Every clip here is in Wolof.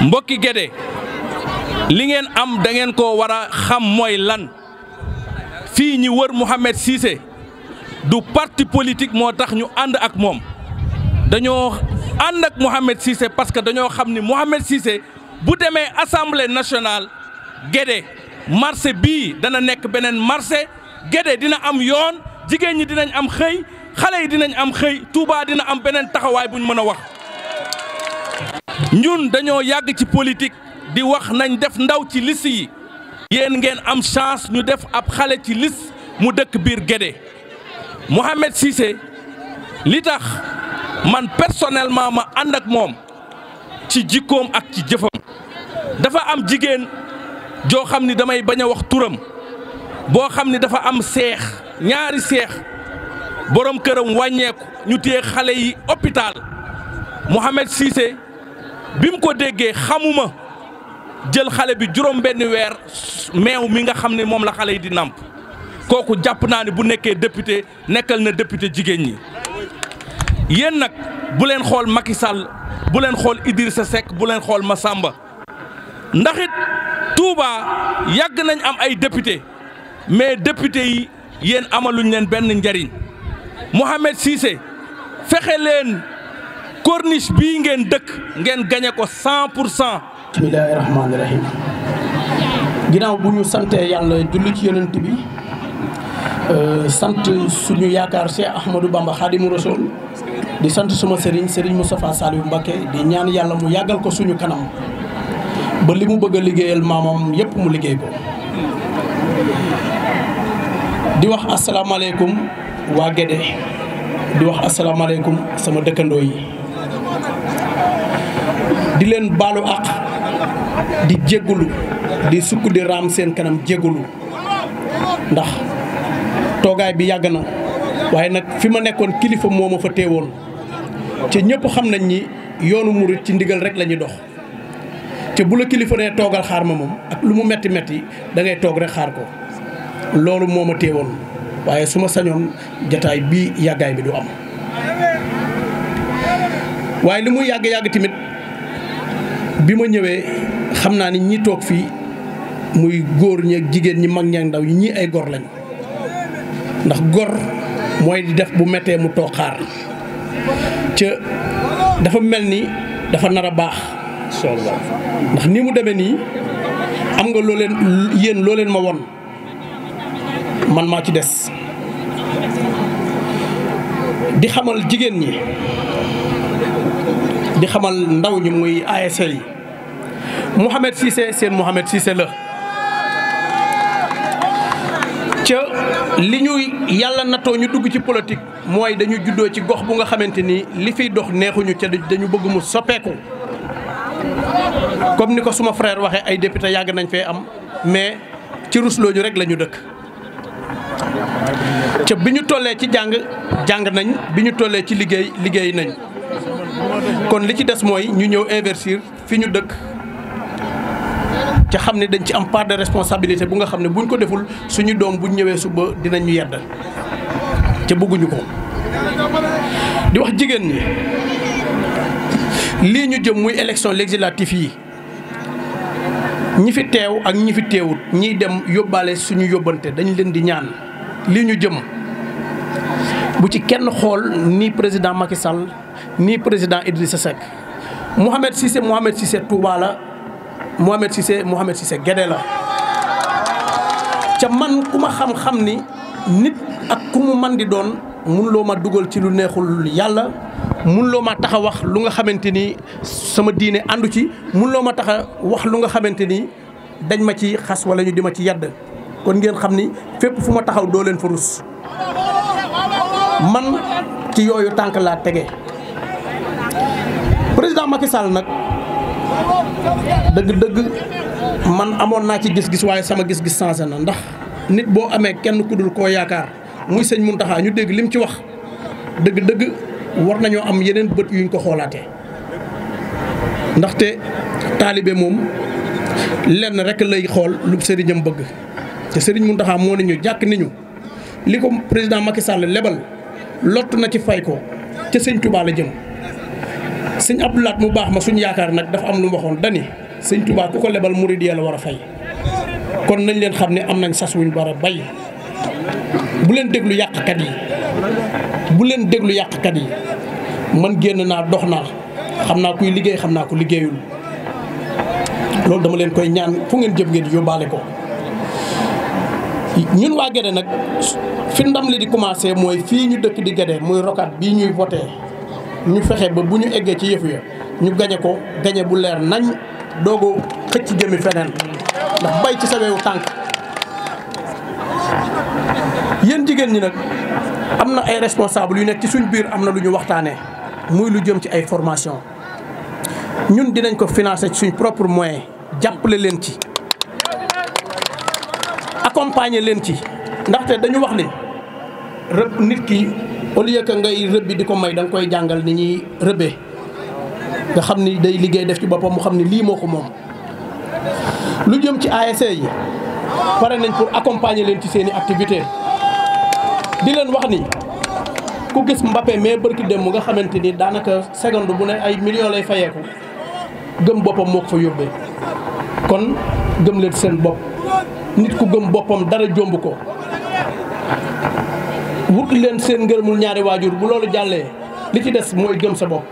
mbokki Gédé li ngeen am da ngeen koo war a xam mooy lan fii ñi wër Mouhamed Cissé du parti politique moo tax ñu ànd ak moom dañoo ànd ak Mouhamed Cissé parce que dañoo xam ni Mouhamed Cissé bu demee assemblée nationale Gédé marché bii dana nekk beneen marché Gédé dina am yoon jigéen ñi dinañ am xëy xale yi dinañ am xëy Touba dina am beneen taxawaay buñ mën a wax. ñun dañoo yàgg ci politique di wax nañ def ndaw ci liste yi yéen ngeen am chance ñu def ab xale ci liste mu dëkk biir Guédé Mohamed Cissé li tax man personnellement ma ànd ak moom ci jikkoom ak ci jëfam dafa am jigéen joo xam ni damay bañ a wax turam boo xam ni dafa am seex ñaari seex borom këram wàññeeku ñu téye xale yi hôpital Mohamed Cissé bi mu ko déggee xamuma jël xale bi juróom benn weer meew mi nga xam ne moom la xale yi di nàmp kooku jàpp naa ne bu nekkee député nekkal na député jigéen ñi yéen nag bu leen xool Macky Sall bu leen xool sa Seck bu leen xool Massamba ndax it Touba yàgg nañ am ay député mais député yi yéen amaluñ leen benn njariñ Mohamed Cissé fexe leen corniche bii ngeen dëkk ngeen gañe ko cent pour cent bismillaahi rahmaani rahim ginnaaw bu ñu santee yàlla julli ci yonent bi euh, sant suñu yaakaar Cheikh Ahmadou Bamba Khadimu Rasul di sant suma sëriñ sëriñ Moustapha Saliou Mbacké di ñaan yàlla mu yàggal ko suñu kanam ba li mu bëgg a liggéeyal maamam yépp mu liggéey ko di wax asalaamaaleykum waa Guédé di wax asalaamaaleykum sama dëkkandoo yi di leen baalu àq di jéggulu di sukk di raam seen kanam jéggulu ndax toogaay bi yàgg na waaye nag fi ma nekkoon kilifa moo ma fa teewoon te ñépp xam nañ ni yoonu murit ci ndigal rek lañuy dox te bu la kilifa nee toogal xaar ma moom ak lu mu metti metti da ngay toog rek xaar ko loolu moo ma teewoon waaye su ma sañoon jataay bii yàggaay bi du am waaye li muy yàgg yàgg tamit bi ma ñëwee xam naa ni ñi toog fii muy góor ñi jigéen ñi mag ñi ndaw ñi ñii ay gor lañ ndax gor mooy di def bu mettee mu toog xaar ca dafa mel ni dafa nar a baax ndax ni mu deme nii am nga loo yéen looleen ma won man maa ci des di xamal jigéen ñi di xamal ndaw ñi muy ASC yi Mouhamed Cissé seen Mouhamed Cissé la ca li ñu yàlla natoo ñu dugg ci politique mooy dañu juddoo ci gox bu nga xamante ni li fiy dox neexuñu ca dañu bëgg mu soppeeku comme ni ko suma frère waxee ay député yàgg nañ fee am mais ci rusloo ñu rek lañu dëkk ca bi ñu tollee ci jàng jàng nañ bi ñu tollee ci liggéey liggéey nañ kon li ci des mooy ñu ñëw investir fi ñu dëkk ca xam ne dañ ci am part de responsabilité bu nga xam ne buñ ko deful suñu doom buñ ñëwee suba dinañu ñu yedd ca bëgguñu ko di wax jigéen ñi lii ñu jëm muy élection législative yi ñi fi teew ak ñi fi teewut ñiy dem yóbbaale suñu yóbbante dañ leen di ñaan lii ñu jëm bu ci kenn xool ni président Macky Sall ni président Idrissa Seck Mouhamed Cissé Mouhamed Cissé Touba la Mouhamed Cissé Mouhamed Cissé Guédé la ca man ku ma xam-xam ni nit ak ku mu man di doon mun ma dugal ci lu neexul yàlla mun loo ma tax wax lu nga xamante ni sama diine àndu ci mun ma tax a wax lu nga xamante ni dañ ma ci xas wala ñu di ma ci yàdd kon ngeen xam ni fépp fu ma taxaw doo leen fa rus man ci yooyu tànk laa tege président Macky Sall nag dëgg-dëgg man amoon naa ci gis-gis waaye sama gis-gis sance na ndax nit boo amee kenn ku dul koo yaakaar muy sëñ Mountakha ñu dégg li mu ci wax dëgg-dëgg war nañoo am yeneen bët yuñ ko xoolaatee ndaxte taalibe moom lenn rekk lay xool lu sëriñam bëgg te sëriñ Mountakha moo ne ñu jàkk ni ñu li ko président Macky Sall lebal lott na ci fay ko ca sëñ Touba jëm. sëñ Abdoulaat mu baax ma suñ yaakaar nag dafa am lu mu waxoon dani sëñ Touba ku ko lebal murid ya la war a fay kon nañ leen xam ne am nañ sas wuñ war a bay bu leen déglu yàqkat yi bu leen déglu yàqkat yi man génn naa dox naa xam naa kuy liggéey xam naa ko liggéeyul loolu dama leen koy ñaan fu ngeen jëm ngeen yóbbaale ko ñun waa Guédé nag fi ndam li di commencé mooy fii ñu dëkk di Guédé muy rokat bii ñuy voté ñu fexe ba bu ñu eggee ci yëf ya ñu gañe ko gañe bu leer nañ doogo xëcc jëmi feneen ndax bay ci sawewu tànk yéen jigéen ñi nag am na ay responsable yu nekk ci suñ biir am na lu ñu waxtaanee muy lu jëm ci ay formation ñun dinañ ko financer ci suñ propre moyen jàppale leen ci accompagner leen ci ndaxte dañu wax ni rëbb nit ki au lieu que ngay rëbbi di ko may da koy jàngal ni ñuy rëbbee nga xam ni day liggéey def ci boppam mu xam ni lii moo ko moom. lu jëm ci ASC yi pare nañ pour accompagner leen ci seen i activité di leen wax ni ku gis Mbappé mais bërki dem mu nga xamante ni daanaka seconde bu ne ay millions lay fayeeku gëm boppam moo ko fa yóbbee kon gëm leen seen bopp nit ku gëm boppam dara jomb ko. wut leen seen ngërëmul ñaari waajur bu loolu jàllee li ci des mooy gëm sa bopp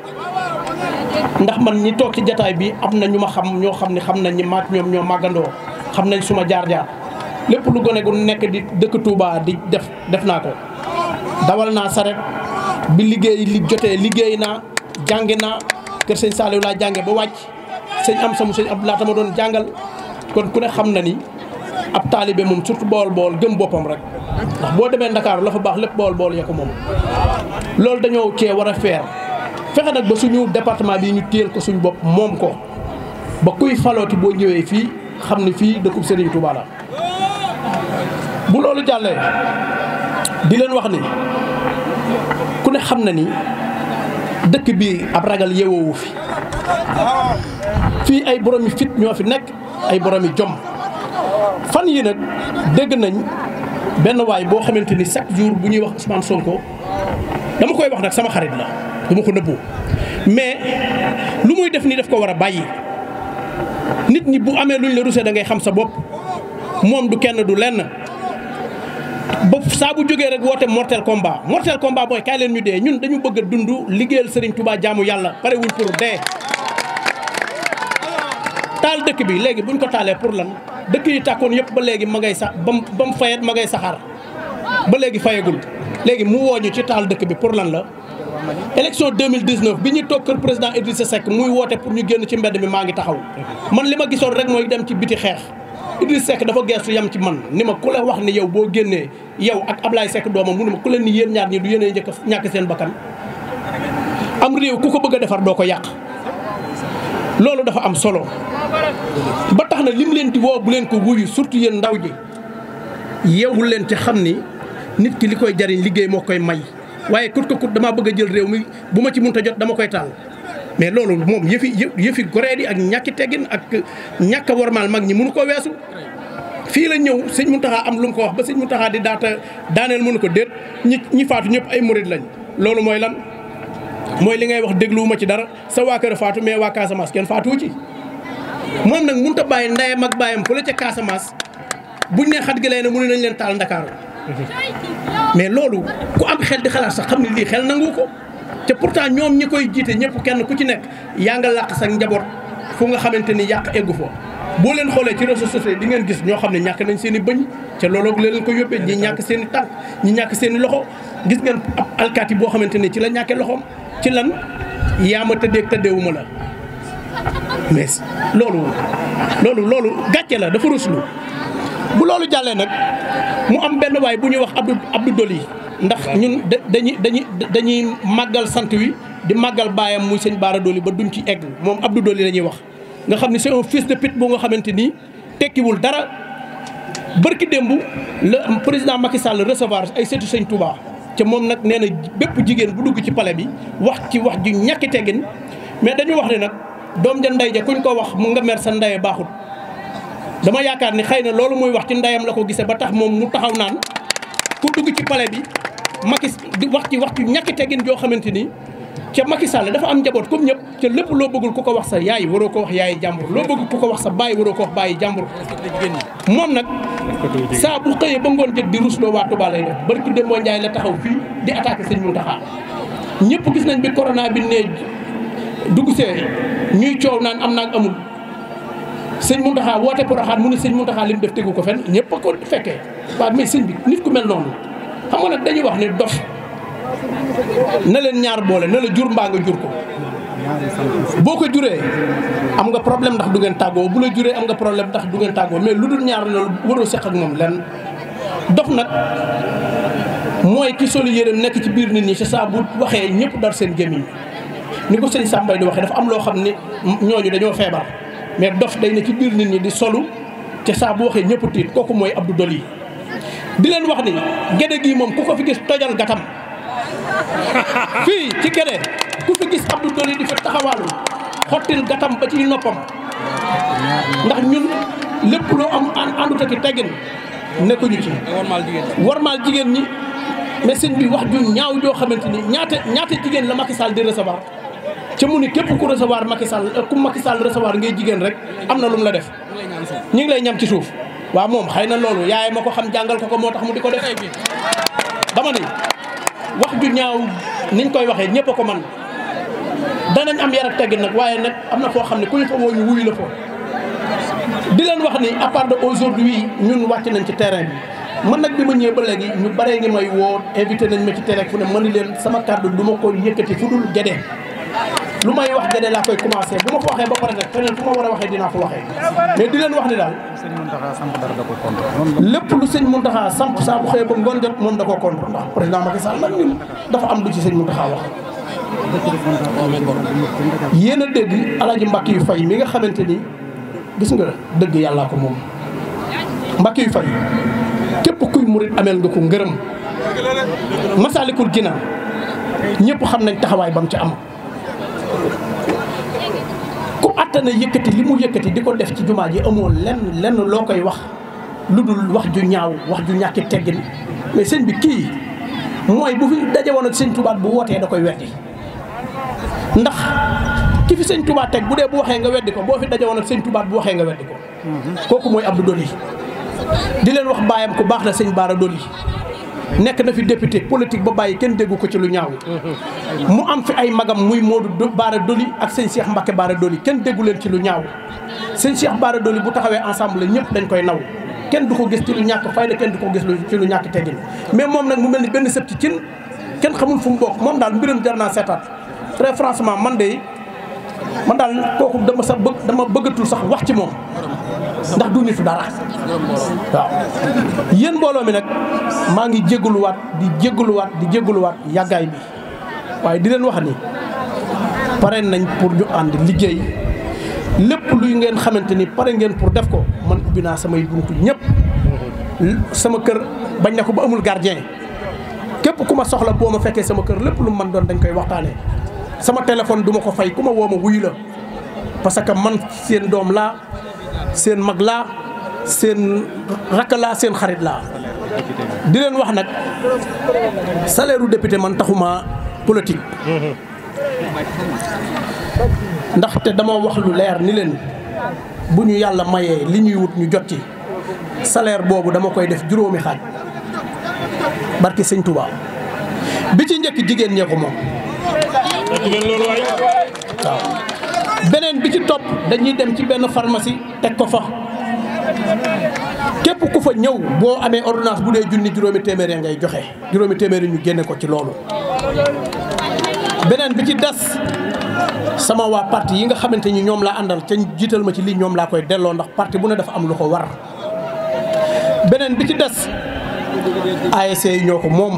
ndax man ñi toog ci jataay bi am na ñu ma xam ñoo xam ne xam nañ ñi maak ñoom ñoo màggandoo xam nañ suma jaar-jaar lépp lu gone gu nekk di dëkk Touba di def def naa ko dawal naa saret bi liggéey li jotee liggéey naa jànge naa kër sëñ Saliou laa jànge ba wàcc sëñ am samu sëñ Abdoulaye ma doon jàngal kon ku ne xam na ni ab taalibe moom surtout bool bool gëm boppam rek ndax boo demee Ndakaaru la fa baax lépp bool bool yeeku moom loolu dañoo cee war a feer fexe nag ba suñu département bi ñu téel ko suñu bopp moom ko ba kuy falooti boo ñëwee fii xam ne fii dëkku Serigne Touba la bu loolu jàllee di leen wax ni ku ne xam na ni dëkk bi ab ragal yeewoowu fi fii ay borom fit ñoo fi nekk ay borom yi jom fan yi nag dégg nañ benn waay boo xamante ni chaque jour bu ñuy wax Ousmane Sonko dama koy wax nag sama xarit la du ko nëbbu mais lu muy def nii daf ko war a bàyyi nit ñi bu amee luñ la rusé da ngay xam sa bopp moom du kenn du lenn. ba saa bu jógee rek woote mortel combat mortel combat booy kaay leen ñu dee ñun dañu bëgg a dund liggéeyal Serigne tubaa jaamu yàlla parewul pour dee. taal dëkk bi léegi bu buñ ko taalee pour lan dëkk yi tàkkoon yëpp ba léegi ma ngay sax ba mu ba mu fayet ma ngay saxaar ba léegi fayagul léegi mu wooñu ci taal dëkk bi pour lan la. élection 2019 bi ñu toog kër président Idrissa Seck muy woote pour ñu génn ci mbedd mi maa ngi taxaw man li ma gisoon rek mooy dem ci biti xeex Idrissa Seck dafa geestu yam ci man ni ma ku la wax ni yow boo génnee yow ak Ablaye Seck doomam mu ne ma ku leen ni yéen ñaar ñi du yéenee njëkk ñàkk seen bakkan am réew ku ko bëgg a defar doo ko yàq. loolu dafa am solo ba tax na lim leen di woo bu leen ko wuyu surtout yéen ndaw ji yeewu leen ci xam ni nit ki li koy jariñ liggéey moo koy may waaye kut ko kut damaa bëgg a jël réew mi bu ma ci mënta jot dama koy taal. mais loolu moom yëfi yëfi goreedi ak ñàkki teggin ak ñàkk a warmaal mag ñi mënu ko weesu fii la ñëw sëñ Mountakha am lu mu ko wax ba sëñ Mountakha di daata daaneel mënu ko déet ñi ñi faatu ñëpp ay murid lañ loolu mooy lan. mooy li ngay wax dégluwuma ci dara sa waa kër faatu mais waa Casamance kenn faatuwu ci moom nag mënut a bàyyi ndeyam ak bàyyam fële ca Casamance ñu ne xat gi lay ne mënu nañ leen taal Ndakaaru mais loolu ku am xel di xalaat sax xam ne lii xel nangu ko te pourtant ñoom ñi koy jiite ñëpp kenn ku ci nekk yaa nga làq sa njaboot fu nga xamante ni yàq eggu fa boo leen xoolee ci réseaux sociaux di ngeen gis ñoo xam ne ñàkk nañ seen i bëñ te ko yóbbee ñi ñàkk seen i tànk ñàkk seen i loxo gis ngeen ab alkaati boo xamante ni ci la ñàkkee loxoom ci lan yaa ma tëddeeg tëddeewuma la mais loolu loolu loolu gàcce la dafa ruslu bu loolu jàllee nag mu am benn waay bu ñuy wax Abdou Abdou Doli ndax ñun dañuy dañuy dañuy màggal sant wi di màggal baayam muy sëñ Baara Doli ba duñ ci egg moom Abdou Doli la ñuy wax nga xam ne c'est un fils de pute bu nga xamante ni tekkiwul dara bërki démb la président Macky Sall recevoir ay seetu sëñ Touba ca moom nag nee na bépp jigéen bu dugg ci pale bi wax ci wax ju ñàkki teggin mais dañu wax ne nag doom ja ndey ja ñu ko wax mu nga mer sa ndeye baaxut dama yaakaar ni xëy na loolu muy wax ci ndeyam la ko gisee ba tax moom mu taxaw naan ku dugg ci pale bi Macky di wax ci wax ju ñàkki teggin joo xamante ni ca Macky Sall dafa am njaboot comme ñëpp ca lépp loo bëggul ku ko wax sa yaay waroo ko wax yaay jàmbur loo bëggul ku ko wax sa bàyyi waroo ko wax baay jàmbur moom nag saa bu xëyee ba ngoon jël di rusloo waa Touba lay def barki dem moo Njaay la taxaw fii di attaqué sëñ Muntaxa ñëpp gis nañ bi corona bi nee dugg see ñuy coow naan am naag amul sëñ Muntaxa woote Poroxaan mu ne sëñ Muntaxa li mu def tegu ko fen ñëpp a ko fekkee waa mais sëñ bi nit ku mel noonu xam nga nag dañuy wax ne dof na leen ñaar boole na la jur mbaa nga jur ko boo ko juree am nga problème ndax du ngeen tàggoo bu la juree am nga problème ndax du ngeen tàggoo mais lu dul ñaar loolu waroo seq ak moom lenn dof nag mooy ki soli yéreem nekk ci biir nit ñi c'est ça bu waxee ñëpp dar seen gémmiñ ni ko sëñ Sambay di waxee dafa am loo xam ni ñooñu dañoo feebar mais dof day ci biir nit ñi di solu te saa bu waxee ñëpp tiit kooku mooy Abdou yi di leen wax ni gédé gi moom ku ko fi gis tojal gatam fii ci kene ku fi gis Abdou Doli di fa taxawaalu xottil gatam ba ci noppam ndax ñun lépp loo am àndut ak teggin nekkuñu ci. warmaal jigéen war warmaal jigéen ñi mais sëñ bi wax ju ñaaw joo xamante ni ñaata ñaata jigéen la Macky Sall di recevoir ca mu ni képp ku recevoir Macky Sall euh, ku Macky Sall recevoir ngay jigéen rek am na lu la def. ñu ngi lay ñam ci suuf. waaw moom xëy na loolu yaay ma ko xam jàngal ko ko moo tax mu di ko def dama ni. ju ñaaw niñ koy waxee ñëpp ko man danañ am yar ak nag waaye nag am na foo xam ne ku ñu fa woo ñu wuyu la fo di leen wax ni à part de aujourd'hui ñun wàcc nañ ci terrain bi man nag bi ma ñëwee ba léegi ñu bare ngi may woo invité nañ ma ci terrain fu ne mën leen sama kàddu du ma ko yëkkati fu dul gedee lu may wax gënee laa koy commencé bu ma ko waxee ba pare nag feneen fu ma war a waxee dinaa ko waxee mais di leen wax ni daal. sëñ Mountakha da ko contre. lépp lu sëñ Mountakha samp saa bu xëyee ba ngoon jot moom da ko contre ndax président Macky Sall nag ñun dafa am lu ci sëñ Mountakha wax. yéen a dégg alaaji mbàkk yu fay mi nga xamante ni gis nga dëgg yàllaa ko moom mbàkk yu fay képp kuy murit ameel nga ko ngërëm masaalikul jinaan ñëpp xam nañ taxawaay ba mu ci am. ku àttana yëkkati li mu yëkkati di ko def ci jumaa ji amoo lenn lenn loo koy wax lu dul wax ju ñaaw wax ju ñàkki teggin mais sëñ bi kii mooy bu fi daje woon ak sëñ Tuubaa bu wootee da koy weddi ndax ki fi sëñ Tuubaa teg bu dee bu waxee nga weddi ko boo fi daje woon ak sëñ Tuubaa bu waxee nga weddi ko mhm. kooku mooy Abdou Doli di leen wax baayam ku baax la sëñ Baara Doli nekk na fi député politique ba bàyyi kenn déggu ko ci lu ñaaw mu am fi ay magam muy Modou Bara Doli ak sëñ Cheikh Mbacke Bara Doli kenn déggu leen ci lu ñaaw sëñ Cheikh Bara Doli bu taxawee ensemble ñëpp dañ koy naw kenn du ko gis ci lu ñàkk fayda kenn du ko gis ci lu ñàkk teggin mais moom nag mu mel ni benn sëb ci cin kenn xamul fu mu bokk moom daal mbiram jar naa seetaat très franchement man de man daal kooku dama sa bëgg dama bëggatul sax wax ci moom ndax du nitu dara waaw yéen mbooloo mi nag maa ngi jégaluwaat di jégaluwaat di jégaluwaat yàggaay bi waaye di leen wax ni pare nañ pour ñu ànd liggéey lépp luy ngeen xamante ni pare ngeen pour def ko man ubbi naa samay buntu ñëpp sama kër bañ na ko ba amul gardien képp ku ma soxla boo ma fekkee sama kër lépp lu man doon dañ koy waxtaanee sama téléphone duma ko fay ku ma woo ma wuyu la man seen doom laa seen mag laa seen rakk laa seen xarit laa di leen wax nag salaire u député man taxuma politique ndaxte dama wax lu leer ni leen bu ñu yàlla mayee li ñuy wut ñu jot ci salaire boobu dama koy def juróomi xaaj barki sëñ Touba bi ci njëkk jigéen ñee moom beneen bi ci topp dañuy dem ci benn pharmacie teg ko fa képp ku fa ñëw boo amee ordonnance bu dee junni juróomi téeméeri ngay joxe juróomi téeméeri ñu génne ko ci loolu. beneen bi ci des sama waa parti yi nga xamante ni ñoom laa àndal ca jiital ma ci lii ñoom laa koy delloo ndax parti bu ne dafa am lu ko war beneen bi ci des ASC e yi ñoo ko moom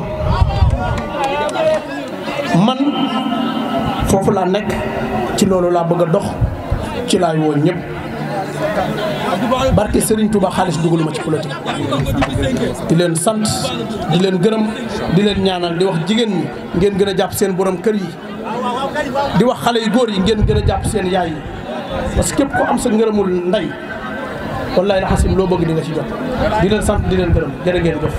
man. foofu laa nekk ci loolu laa bëgg a dox ci laa woo ñëpp barke Serigne tubaa xaalis dugaluma ci politique di leen sant di leen gërëm di leen ñaanal di wax jigéen ñi ngeen gën a jàpp seen borom kër yi di wax xale yu góor yi ngeen gën a jàpp seen yaay yi parce que képp ko am sa ngërëmul ndey wallaay la xasim loo bëgg di nga ci jot di leen sant di leen gërëm jërë ngeen jëf